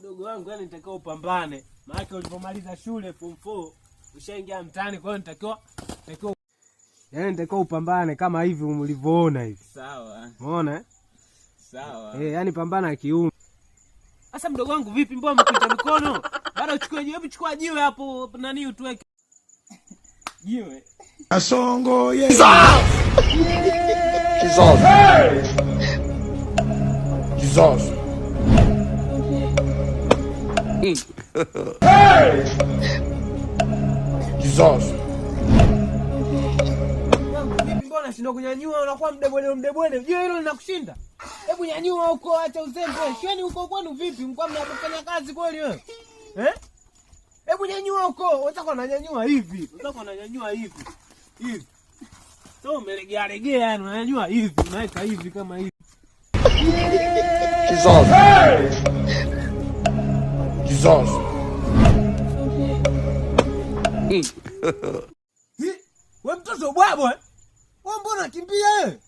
mdogo wangu, yani nitakiwa upambane, maana ulipomaliza shule form 4 ushaingia mtaani, kwa hiyo nitakiwa nitakiwa yani nitakiwa upambane kama hivi ulivyoona hivi. Sawa. Umeona? Eh? Sawa. Eh, yani pambana kiume. Sasa mdogo wangu, vipi, mbona umekunja mikono Bado uchukue jiwe, hebu chukua jiwe hapo nani utuweke. Jiwe. Asongo yeye. Jesus. Jesus. Mungu. Jesus. Mbona shindwa kunyanyua, unakuwa mdebwele mdebwele. Je, hilo linakushinda? Hebu nyanyua huko, acha uzembe. Shweni huko kwenu vipi? Mko mnapofanya kazi kweli wewe? Eh? Hebu nyanyua huko. Unataka unanyanyua hivi. Unataka unanyanyua hivi. Hivi. Sio umelegea legea yani unanyanyua hivi, unaweka hivi kama hivi. Jesus. Hey! kizazi. We mtoto bwabwa, mbona kimbia wewe?